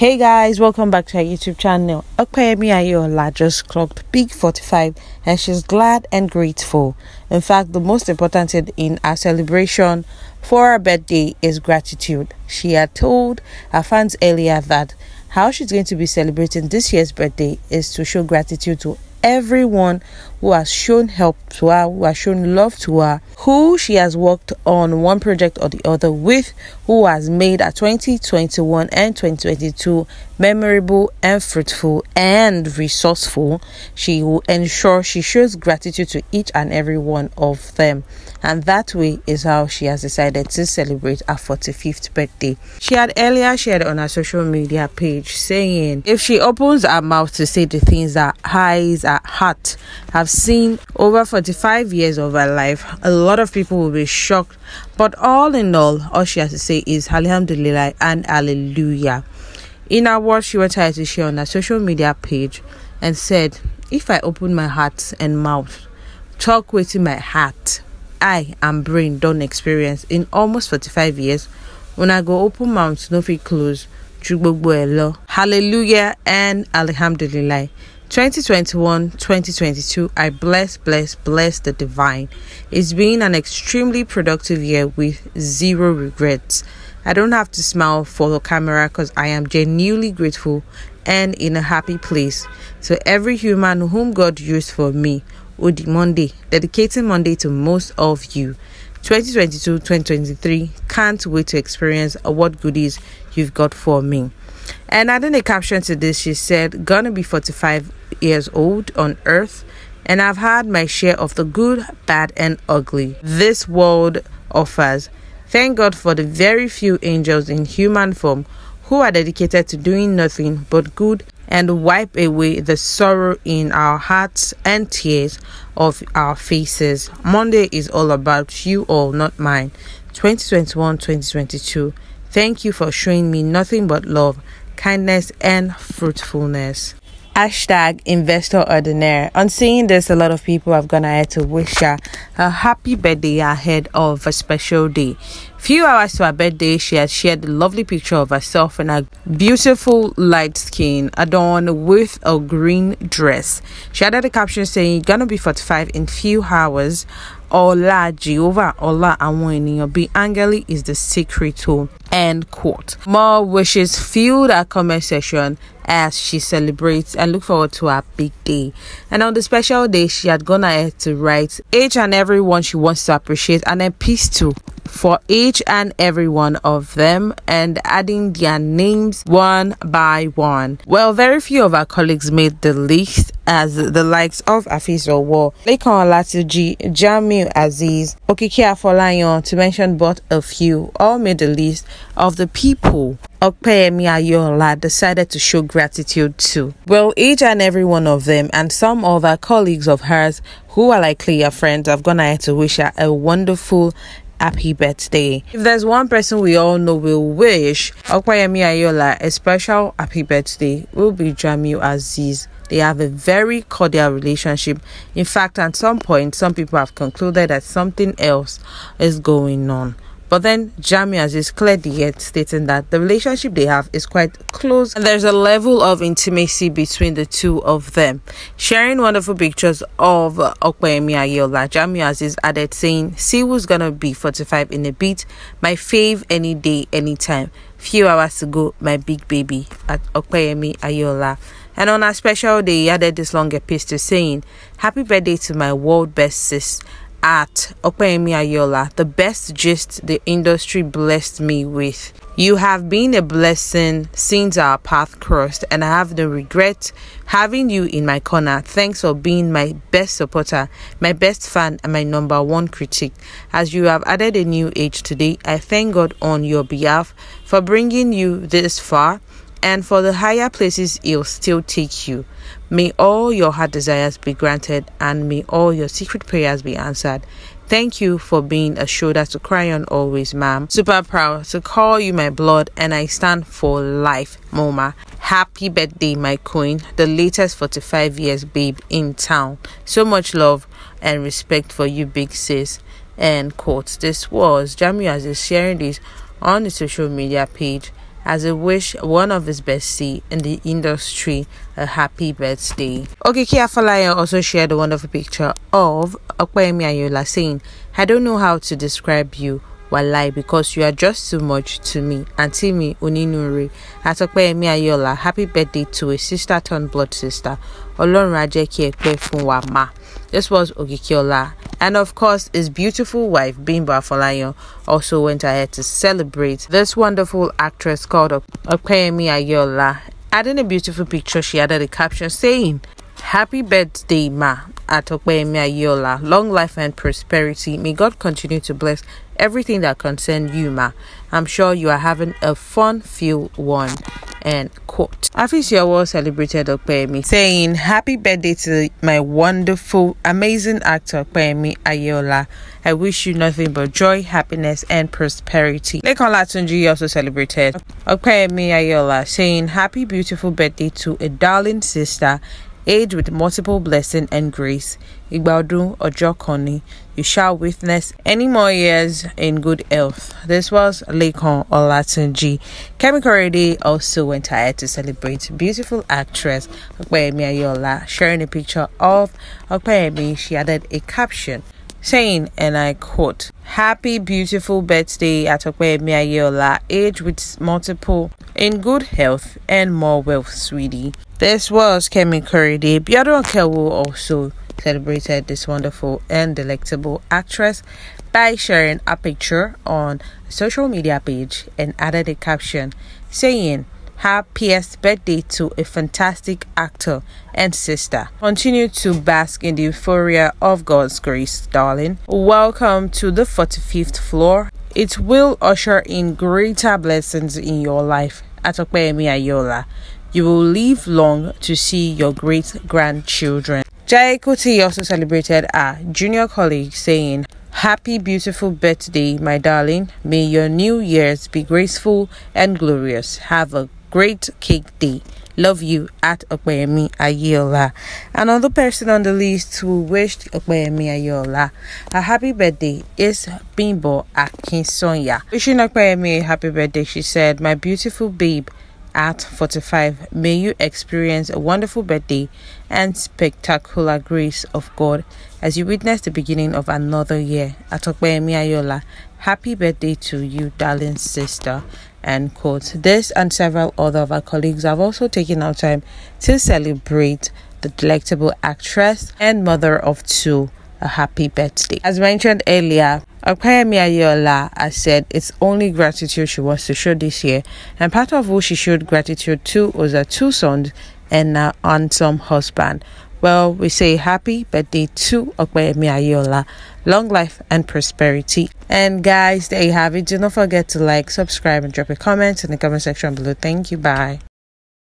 Hey guys, welcome back to our YouTube channel. Okpeyemi Ayola just clocked big 45 and she's glad and grateful. In fact, the most important thing in our celebration for her birthday is gratitude. She had told her fans earlier that how she's going to be celebrating this year's birthday is to show gratitude to everyone who has shown help to her, who has shown love to her, who she has worked on one project or the other with, who has made her 2021 and 2022 memorable and fruitful and resourceful. She will ensure she shows gratitude to each and every one of them. And that way is how she has decided to celebrate her 45th birthday. She had earlier shared on her social media page saying, If she opens her mouth to say the things that eyes at heart. I've seen over 45 years of her life. A lot of people will be shocked. But all in all, all she has to say is Alhamdulillah and Alleluia. In our words, she went ahead to share on her social media page and said, If I open my heart and mouth, talk within my heart, I and brain don't experience in almost 45 years. When I go open mouth, no fit close. Hallelujah and Alhamdulillah. 2021 2022, I bless, bless, bless the divine. It's been an extremely productive year with zero regrets. I don't have to smile for the camera because I am genuinely grateful and in a happy place. So, every human whom God used for me, Odi Monday, dedicating Monday to most of you. 2022 2023, can't wait to experience what goodies you've got for me. And adding a caption to this, she said, Gonna be 45 years old on earth, and I've had my share of the good, bad, and ugly this world offers. Thank God for the very few angels in human form who are dedicated to doing nothing but good and wipe away the sorrow in our hearts and tears of our faces. Monday is all about you all, not mine. 2021 2022. Thank you for showing me nothing but love, kindness, and fruitfulness hashtag investor ordinaire on seeing this a lot of people have gone ahead to wish her a happy birthday ahead of a special day few hours to her birthday she has shared a lovely picture of herself in a beautiful light skin adorned with a green dress she added a caption saying gonna be 45 in few hours Ola Jehovah Ola Awon Eniyan Be angry is the secret to End quote. More wishes filled our comment section as she celebrates and look forward to her big day. And on the special day, she had gone ahead to write each and everyone she wants to appreciate and a piece to for each and every one of them and adding their names one by one. Well, very few of our colleagues made the list as the likes of Afis War, Lekan Olatuji, Jamil Aziz, Okiki Afolayan, to mention but a few, all made the list of the people Okpeyemi Ayola decided to show gratitude to. Well, each and every one of them and some other colleagues of hers who are likely her friends have gone ahead to wish her a wonderful happy birthday. If there's one person we all know will wish Okwayemi Ayola a special happy birthday will be Jamil Aziz. They have a very cordial relationship. In fact, at some point, some people have concluded that something else is going on. But then Jamie has cleared the air, stating that the relationship they have is quite close and there's a level of intimacy between the two of them. Sharing wonderful pictures of Okwemi Ayola, Jamie has added, saying, See who's gonna be 45 in a bit, my fave any day, anytime. Few hours ago, my big baby at Okwemi Ayola. And on a special day, he added this long epistle saying, Happy birthday to my world best sis at Opeyemi Ayola, the best gist the industry blessed me with. You have been a blessing since our path crossed, and I have no regret having you in my corner. Thanks for being my best supporter, my best fan, and my number one critic. As you have added a new age today, I thank God on your behalf for bringing you this far and for the higher places he'll still take you. May all your heart desires be granted, and may all your secret prayers be answered. Thank you for being a shoulder to cry on always, ma'am. Super proud to call you my blood, and I stand for life, Moma. Happy birthday, my queen. The latest 45 years, babe, in town. So much love and respect for you, big sis. And quote This was Jamie Aziz sharing this on the social media page as a wish, one of his bestie in the industry a happy birthday. Okiki Afalayan also shared a wonderful picture of Okwemi Ayola saying, I don't know how to describe you, Walai, because you are just too much to me. Auntie mi Uninuri, Atokweemi Ayola, happy birthday to a sister turned blood sister. Olonraje Ajeki Ekpe Funwa Ma. This was Ogikiola and of course, his beautiful wife, Bimba Folayo, also went ahead to celebrate this wonderful actress called Opeyemi Ayola. Adding a beautiful picture, she added a caption saying, Happy birthday, Ma at Okpeyemi Ayola. Long life and prosperity. May God continue to bless everything that concerns you, ma. I'm sure you are having a fun few one. End quote. was celebrated Okpeyemi, saying, Happy birthday to my wonderful, amazing actor Okpeyemi Ayola. I wish you nothing but joy, happiness, and prosperity. Lekan Latunji also celebrated Okpeyemi Ayola, saying, Happy beautiful birthday to a darling sister Aid with multiple blessing and grace. Igbadun Ojokoni, you shall witness any more years in good health. This was Lekon Olatunji. Chemical Korede also went ahead to celebrate beautiful actress Okpeyemi Ayola, sharing a picture of Okpeyemi. She added a caption saying, and I quote, Happy, beautiful birthday, Atokwe Miayola, age with multiple, in good health and more wealth, sweetie. This was Kemi Day. Biado Okewo also celebrated this wonderful and delectable actress by sharing a picture on a social media page and added a caption saying, happiest birthday to a fantastic actor and sister. Continue to bask in the euphoria of God's grace, darling. Welcome to the 45th floor. It will usher in greater blessings in your life. Atokpeyemi Ayola. You will live long to see your great grandchildren. Jai Kuti also celebrated a junior colleague saying, Happy beautiful birthday, my darling. May your new years be graceful and glorious. Have a Great Cake Day. Love you at Okweyemi Ayeola. Another person on the list who wished Okweyemi Ayeola a happy birthday is Bimbo Akinsonya. Wishing Okweyemi a happy birthday, she said, My beautiful babe at 45, may you experience a wonderful birthday and spectacular grace of God as you witness the beginning of another year. At Okweyemi Ayeola Happy birthday to you, darling sister. End quote. This and several other of our colleagues have also taken out time to celebrate the delectable actress and mother of two a happy birthday. As mentioned earlier, Okwayemi Ayola has said it's only gratitude she wants to show this year, and part of who she showed gratitude to was her two sons and her handsome husband well, we say happy birthday to Okpeyemi Ayola. Long life and prosperity. And guys, there you have it. Do not forget to like, subscribe, and drop a comment in the comment section below. Thank you. Bye.